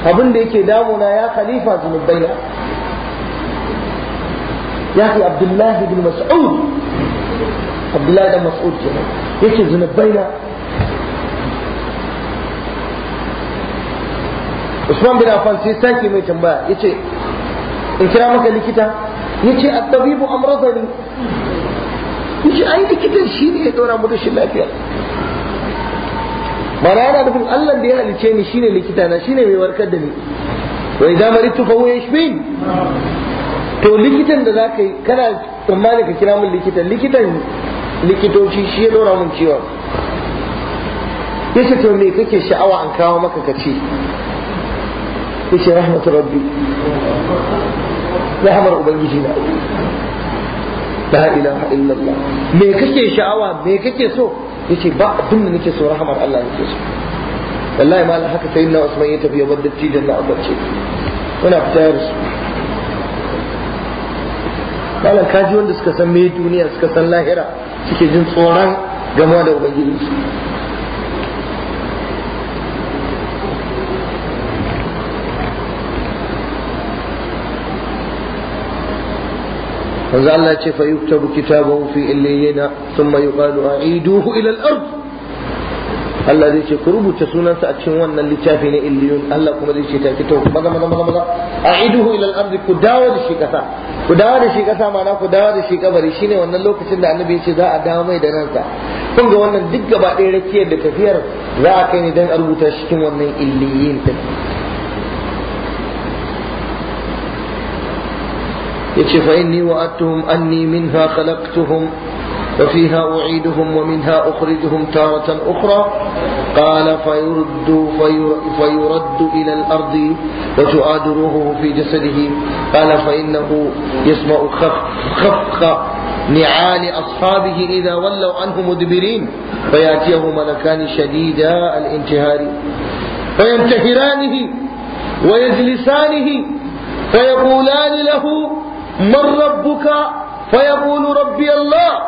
abin da yake damuna ya khalifa zunubaina ya fi abdullahi bin mas'ud abdullahi bin mas'ud ya ce zunubaina usman bin affan sai sake mai tambaya yace in kira maka likita yace at-tabibu amradani yace ai likitan shi ne ya dora mu shi lafiya mana yana nufin Allah da ya halice ni shine likita na shine mai warkar da ni wa idza maritu fa huwa yashfin to likitan da zaka yi kana tsammani ka kira mun likitan likitan likitoci shi ya dora mun ciwon yace to me kake sha'awa an kawo maka ka ci yace rahmatu rabbi rahmar ubangiji na la ilaha illallah me kake sha'awa me kake so yace ba abin da nake so rahmar Allah nake so wallahi malam haka sai na Usman ya tafi ya bar dattijan na abarce muna fitar su malam kaji wanda suka san me duniya suka san lahira suke jin tsoron gamuwa da ubangiji su manzo Allah ce fa yuktabu kitabahu fi illiyina thumma yuqalu a'iduhu ila al-ard Allah zai ce ku rubuta sunansa a cikin wannan littafi na illiyun Allah kuma zai ce ta fito maza maza maza maza a'iduhu ila al-ard ku dawo da shi kasa ku dawo da shi kasa ma'ana ku dawo da shi kabari shine wannan lokacin da annabi ya ce za a dawo mai da ransa kun ga wannan duk gaba ɗaya rakiyar da tafiyar za a kai ne dan a rubuta cikin wannan illiyin ta. يتشي فإني وأتهم أني منها خلقتهم ففيها أعيدهم ومنها أخرجهم تارة أخرى قال فيرد فيرد إلى الأرض وتعاد روحه في جسده قال فإنه يسمع خفق نعال أصحابه إذا ولوا عنه مدبرين فيأتيه ملكان شديدا الانتهار فينتهرانه ويجلسانه فيقولان له من ربك فيقول ربي الله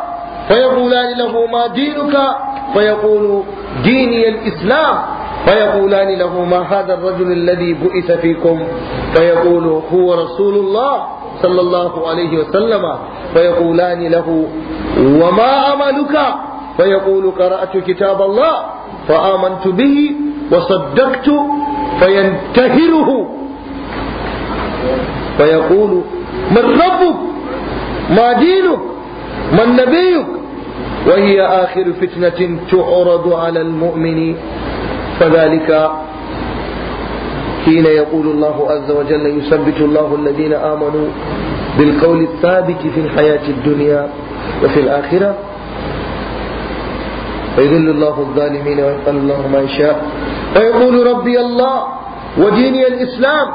فيقولان له ما دينك فيقول ديني الإسلام فيقولان له ما هذا الرجل الذي بعث فيكم فيقول هو رسول الله صلى الله عليه وسلم فيقولان له وما عملك فيقول قرأت كتاب الله فآمنت به وصدقت فينتهره فيقول من ربك ما دينك من نبيك وهي آخر فتنة تعرض على المؤمن فذلك حين يقول الله عز وجل يثبت الله الذين آمنوا بالقول الثابت في الحياة الدنيا وفي الآخرة ويذل الله الظالمين ويفعل الله ما يشاء ويقول ربي الله وديني الإسلام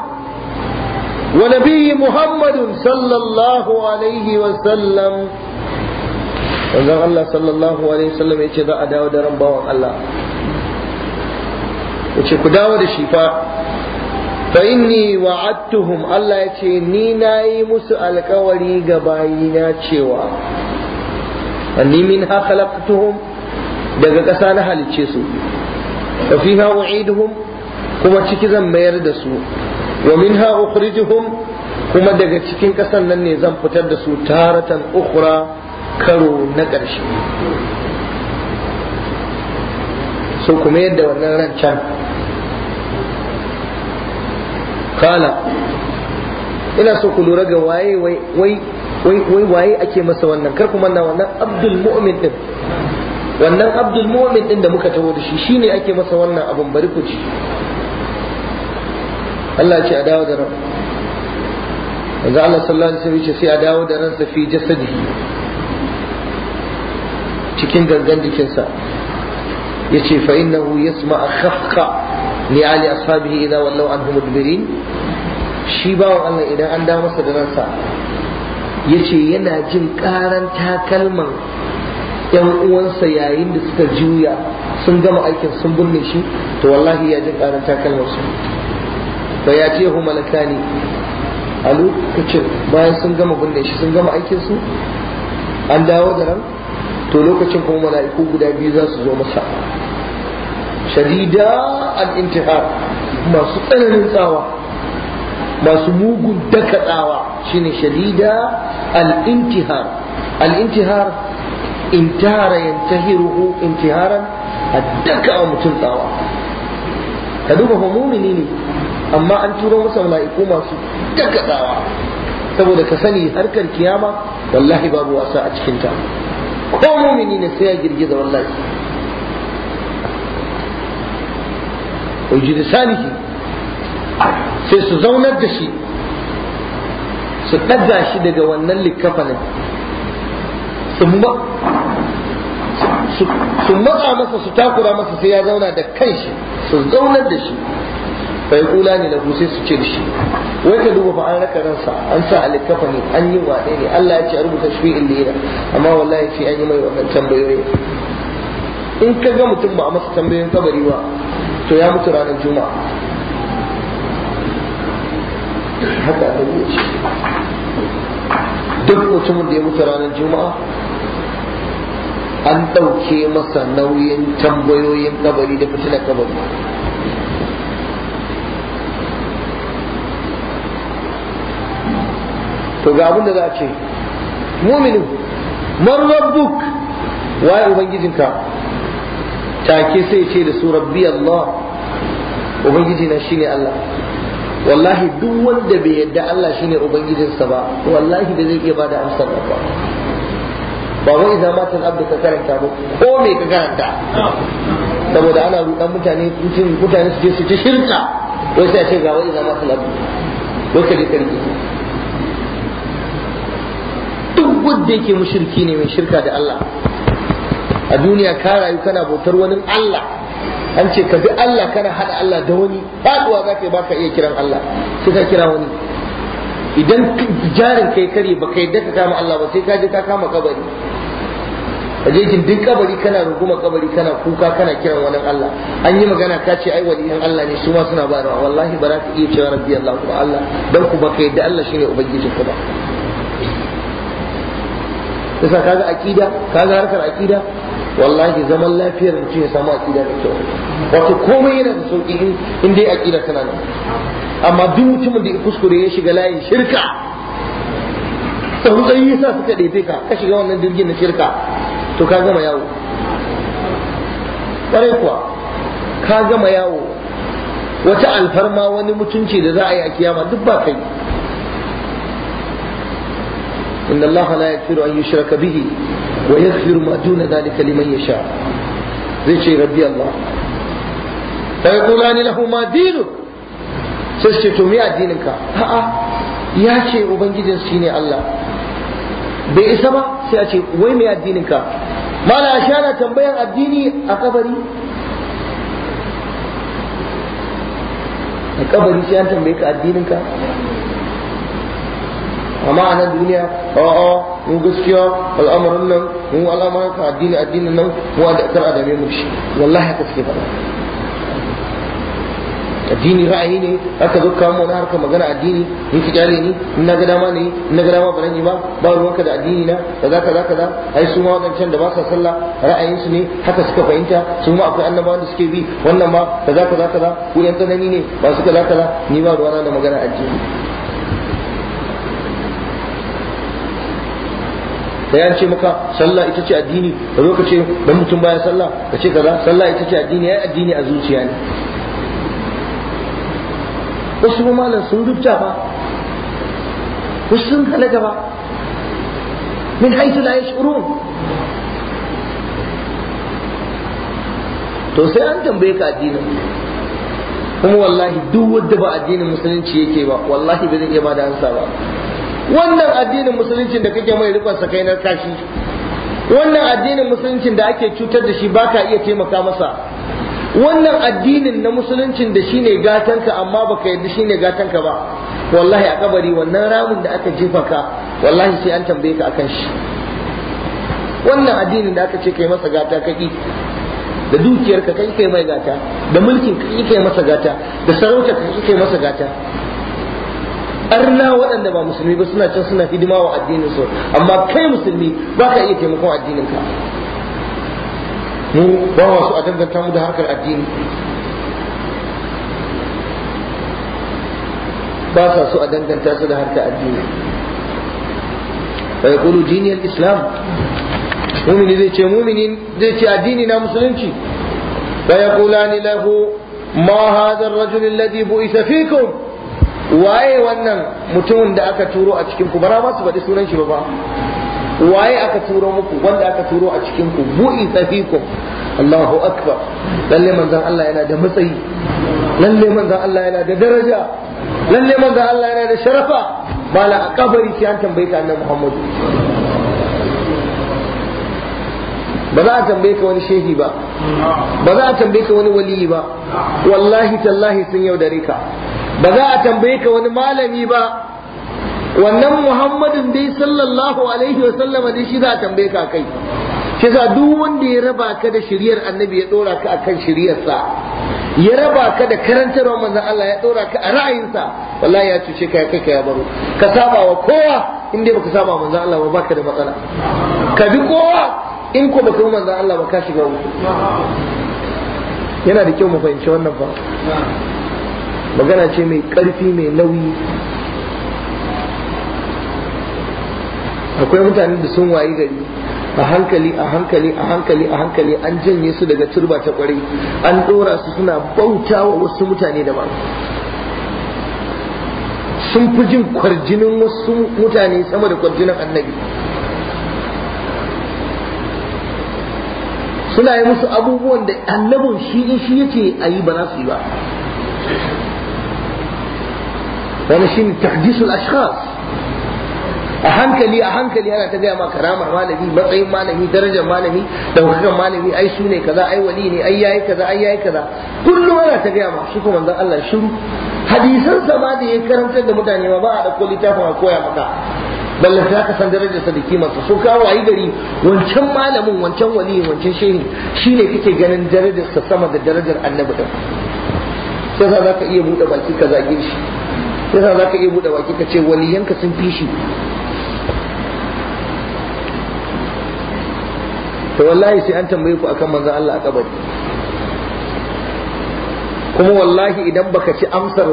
ونبي محمد صلى الله عليه وسلم wanzan Allah sallallahu alaihi wasallam ya ce za a dawo da ran bawan Allah Wace ce ku dawo da shi fa fa inni wa'adtuhum Allah ya ce ni na yi musu alkawari ga bayina cewa anni min ha khalaqtuhum daga ƙasa na halicce su fa fiha u'iduhum kuma ciki zan mayar da su wa ha ukhrijuhum kuma daga cikin kasan nan ne zan fitar da su taratan ukhra karo na ƙarshe so kuma yadda wannan rancan. kala ina so ku lura ga waye wai wai waye ake masa wannan kar kuma na wannan abdul mu'min din wannan abdul mu'min din da muka taho da shi shine ake masa wannan abun bari ku ci Allah ce a dawo da ran Allah sallallahu alaihi wasallam ce sai a dawo da ransa fi jasadihi cikin gangan jikinsa yace fa innahu yasma'a khafqa li ali ashabihi idza wallaw anhum mudbirin shi bawan Allah idan an dawo masa da ransa yace yana jin karan takalman yan uwansa yayin da suka juya sun gama aikin sun binne shi to wallahi ya jin karan takalman su fa ya je malakani a lokacin bayan sun gama binne shi sun gama aikin su an dawo da ran to lokacin kuma mala'iku guda biyu za su zo masa shadida al-intihar masu tsananin tsawa masu mugun daka tsawa shine shadida al-intihar al-intihar intihara yantahiruhu intiharan a daka mutum tsawa ka duba fa mumini ne amma an turo masa mala'iku masu kakkaɗawa saboda ka sani harkar kiyama wallahi babu wasa a cikinta ko mumini ne sai ya girgiza wallahi uji lisanihi sai su zaunar da shi su ɗaga shi daga wannan likafanin su matsa masa su takura masa sai ya zauna da kanshi su zaunar da shi bai kula ne lahu sai su ce da shi wai ka duba fa an raka ransa an sa alikafani an yi wane ne Allah ya ce a rubuta in lera amma wallahi sai an yi mai wannan tambayoyi in ka ga mutum ba a masa tambayoyin kabari ba to ya mutu ranar juma'a haka da ya ce duk mutumin da ya mutu ranar juma'a an ɗauke masa nauyin tambayoyin kabari da fitilar kabari to ga abin da za a ce muminin man rabbuk waye ubangijinka take sai ce da su rabbi Allah ubangiji na shine Allah wallahi duk wanda bai yadda Allah shine ubangijinsa ba wallahi da zai iya bada amsar ba ba wai idan matan abdu ka karanta ba ko me ka karanta saboda ana rudan mutane mutane su je su ci shirka wai sai a ce ga wai idan matan abdu lokaci karki da yake mushirki ne mai shirka da Allah a duniya ka rayu kana bautar wani Allah an ce ka bi Allah kana hada Allah da wani faduwa za ka yi baka iya kiran Allah sai ka kira wani idan jarin kai kare ba kai daka kama Allah ba sai ka je ka kama kabari a je duk kabari kana ruguma kabari kana kuka kana kiran wani Allah an yi magana ka ce ai wani Allah ne su ma suna ba da wallahi ba za ka iya cewa rabbi Allah ba Allah dan ku ba kai da Allah shine ubangijin ku ba yasa kaga akida kaga harkar akida wallahi zaman lafiyar mutum ya samu akida da kyau wato komai yana da sauki in dai akida tana nan amma duk mutumin da ya kuskure ya shiga layin shirka tsautsayi yasa suka ɗefe ka ka shiga wannan jirgin na shirka to ka gama yawo ƙwarai kuwa ka gama yawo wata alfarma wani mutunci da za a yi a kiyama duk ba kai إن الله لا يغفر أن يشرك به ويغفر ما دون ذلك لمن يشاء zai ce rabbi Allah sai kula ni lahu ma dinu sai ce to me addinin ka ya ce ubangijin shi Allah bai isa ba sai a ce wai me addini a kabari a kabari sai an tambaye ka addinin ka amma a nan duniya a'a mun gaskiya al'amuran nan mun al'amuran ka addini addinin nan mu da kar a mu shi wallahi haka suke faɗa addini ra'ayi ne haka zo kawo mu na harka magana addini ni ki kyale ni in na ga dama ne in na ga dama ba yi ba ba ruwanka da addini na za ka za ai su ma wadancan da ba sa sallah ra'ayin su ne haka suka fahimta su ma akwai annabawa da suke bi wannan ma za ka za ku yan tsanani ne ba su ka za ni ba ruwana da magana addini Bayan ce maka sallah ita ce addini da zo ka ce dan mutum baya sallah ka ce kaza sallah ita ce addini ai addini a zuciya ne wasu malam sun rubuta ba wasu sun kana gaba min haitu la yash'urun to sai an tambaye ka addinin kuma wallahi duk wanda ba addinin musulunci yake ba wallahi ba zai iya ba da ansa ba wannan addinin musuluncin da kake mai rikon kai na kashi wannan addinin musuluncin da ake cutar da shi baka iya taimaka masa wannan addinin na musuluncin da shine gatanka amma baka yarda shine gatanka ba wallahi a kabari wannan ramin da aka jefa ka wallahi sai an tambaye ka akan shi wannan addinin da aka ce kai masa gata kaki da dukiyarka kai kai mai gata da mulkin kai kai masa gata da sarauta kai kai masa gata arna waɗanda ba musulmi ba suna can suna hidima wa addinin su amma kai musulmi ba ka iya taimakon addinin ka mu ba wasu a danganta mu da harkar addini ba sa so a danganta su da harkar addini fa yaqulu diniyal islam mumini zai ce mumini zai ce addini na musulunci fa yaqulani lahu ma hadha ar-rajul alladhi bu'itha fikum waye wannan mutumin da aka turo a cikin ku bara ma su faɗi sunan shi ba ba waye aka turo muku wanda aka turo a cikin ku bu'i fikum Allahu akbar lalle manzon Allah yana da matsayi lalle manzon Allah yana da daraja lalle manzon Allah yana da sharafa Ba la kabari sai an tambaye ka annabi Muhammad ba za a tambaye ka wani shehi ba ba za a tambaye ka wani waliyi ba wallahi tallahi sun yaudare ka ba za a tambaye ka wani malami ba wannan muhammadin dai sallallahu alaihi wa sallama dai shi za a tambaye ka kai shi sa duk wanda ya raba ka da shiriyar annabi ya dora ka akan shiriyarsa ya raba ka da karantarwa manzon Allah ya dora ka a ra'ayinsa wallahi ya cuce ka kai ka ya baro ka saba wa kowa in dai baka saba manzon Allah ba baka da matsala ka bi kowa in ko baka manzon Allah ba ka shiga wuta yana da kyau mu fahimci wannan ba. magana ce mai karfi mai nauyi akwai mutane da sun wayi gari a hankali a hankali a hankali a hankali an janye su daga turba ta kwarai an ɗora su suna bauta wa wasu mutane ba sun fi jin kwarjinin wasu mutane sama da kwarjinin annabi suna yi musu abubuwan da annabin shi in shi yake a yi ba za su yi ba wani shi ne takdisul ashkhas a hankali a hankali ta gaya ma karamar malami matsayin malami darajar malami daukakan malami ai su ne kaza ai wali ne ai yayi kaza ai yayi kaza kullum ana ta gaya ma shi kuma manzon Allah shiru hadisan sa ma da ya karantar da mutane ma ba a dauko littafin a koya maka balle za ka san darajar sa da kimarsa so kawo wayi gari wancan malamin wancan wali wancan shehin shine kake ganin darajar sa sama da darajar annabi din sai za ka iya bude baki ka zage shi yasa za ka iya buɗe baki ka ce waliyanka sun fi shi to wallahi sai an tambaye ku akan manzon Allah a kabari kuma wallahi idan baka ci amsar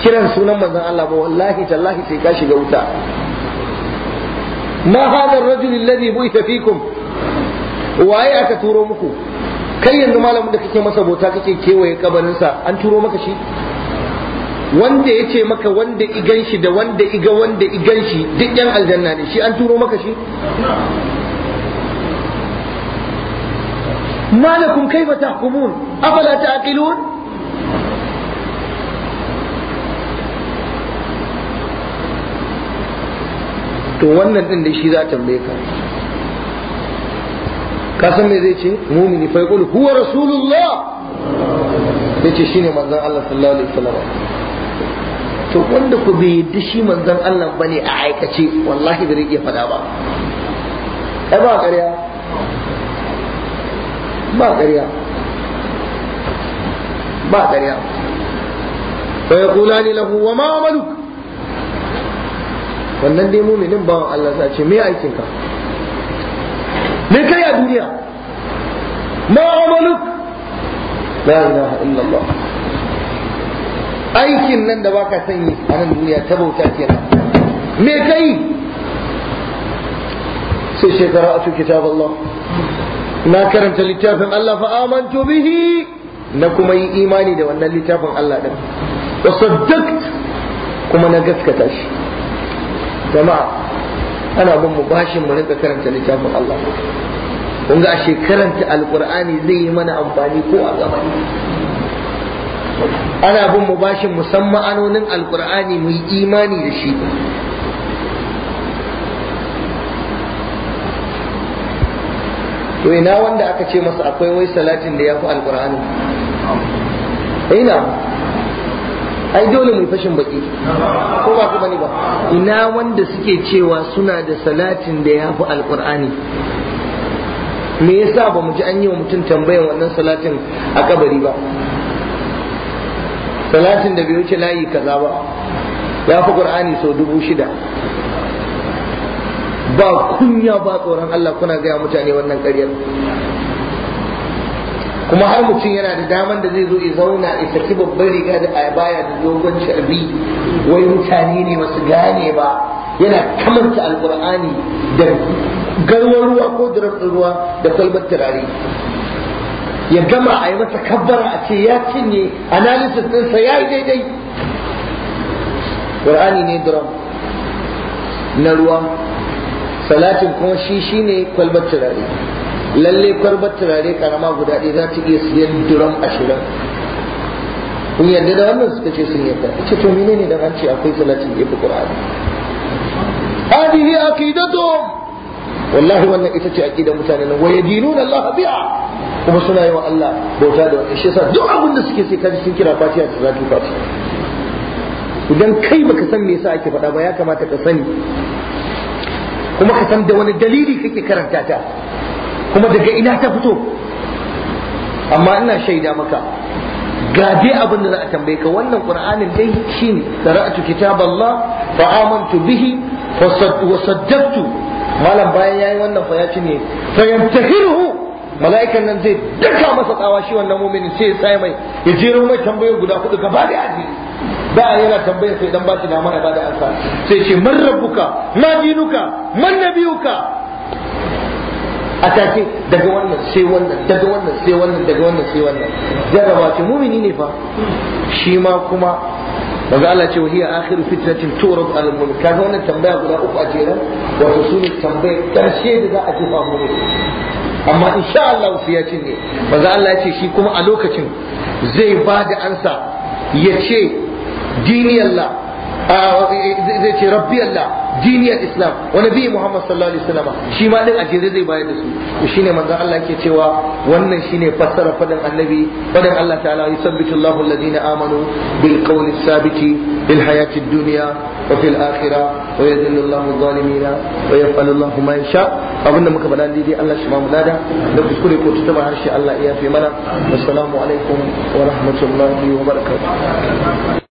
kiran sunan manzon Allah ba wallahi tallahi sai ka shiga wuta ma hadar ar-rajul alladhi bu'itha fikum waye aka turo muku kai yanzu malamin da kake masa bota kake kewaye kabarinsa an turo maka shi wanda ya ce maka wanda igan shi da wanda iga wanda igan shi duk yan aljanna ne shi an turo maka shi ما لكم كيف تحكمون أفلا تعقلون to wannan din da shi za ta tambaye ka ka san me zai ce mumini fa yaqulu huwa rasulullah yace shine manzon Allah sallallahu alaihi wasallam to wanda ku bai yadda shi manzon Allah ne a aikace wallahi bai iya fada ba ai ba ƙarya ba ƙarya ba ƙarya fa yaqulani lahu wa ma amaluk wannan dai muminin bawan Allah za ce me aikinka me kai a duniya ma amaluk la ilaha illallah aikin nan da baka son yi a nan duniya ta bauta kenan me kai sai shekara a kitab Allah na karanta littafin Allah fa amantu bihi na kuma yi imani da wannan littafin Allah din wa saddaqt kuma na gaskata shi jama'a ana bin mu bashin mu rinka karanta littafin Allah kun ga a shekaranta alqur'ani zai yi mana amfani ko a gaba ana bin mu bashin musamman anonin alkur'ani mu yi imani da shi to ina wanda aka ce masa akwai wai salatin da ya fi alkur'ani ina ai dole mu fashin baki ko ba ku bane ba ina wanda suke cewa suna da salatin da ya fi alkur'ani me yasa ba mu ji an yi wa mutum tambayan wannan salatin a kabari ba salatin da bai wuce layi kaza ba ya fi qur'ani sau dubu shida ba kunya ba tsoron Allah kuna gaya mutane wannan ƙaryar kuma har mutum yana da daman da zai zo ya zauna ya saki babban riga da baya da dogon sharbi wai mutane ne masu gane ba yana kamanta Alƙur'ani da garwar ruwa ko da ruwa da kwalbar turare ya gama a yi masa kabbara a ce ya cinye analysis ɗinsa ya yi daidai ƙur'ani ne drum na ruwa salatin kuma shi shi ne kwalbar turare lalle kwalbar turare karama guda ɗaya za ta iya siyan drum ashirin kun yarda da wannan suka ce sun yarda ita to menene da ranci akwai salatin ya fi ƙur'ani hadihi aqidatuhum wallahi wannan ita ce aqidar mutane nan wa yadinuna Allah bi'a kuma suna yi wa Allah bauta da wannan shi yasa duk abin da suke sai kaji sun kira fatiha da zaki fatiha idan kai baka san me yasa ake faɗa ba ya kamata ka sani kuma ka san da wani dalili kake karanta ta kuma daga ina ta fito amma ina shaida maka ga dai abin da za a tambaye ka wannan qur'anin dai shine qara'atu kitaballah fa amantu bihi wa saddaqtu malam bayan yayi wannan fa ya ne fa mala'ikan nan zai daka masa tsawa shi wannan mu'minin sai ya tsaya mai ya jira mai tambayoyi guda kudu gaba da aji da yana tambayar sai dan ba shi dama ba bada ansa sai ce man rabbuka ma dinuka man nabiyuka a take daga wannan sai wannan daga wannan sai wannan daga wannan sai wannan jarraba ce mumini ne fa shi ma kuma maza Allah ce wahiya akhiru fitnatin turab al mulk kaga wannan tambaya guda uku a jere da su tambayar karshe da za a jefa mu amma insha Allah su ya cinye maza Allah ce shi kuma a lokacin zai ba da ansa ya ce dini Allah zai ce rabbi Allah diniyar islam wani nabi muhammad sallallahu alaihi wasallam shi ma din ajere zai bayar da su to shine manzo Allah yake cewa wannan shine fassara fadin annabi fadin Allah ta'ala yusabbitu Allahu alladhina amanu bil qawli sabiti bil hayati dunya wa fil akhirah wa yadhillu Allahu adh wa yaf'alu Allahu ma yasha abinda muka faɗa dai Allah shi ma mu lada da kuskure ko tutuma harshe Allah iya fi mana assalamu alaikum wa rahmatullahi wa barakatuh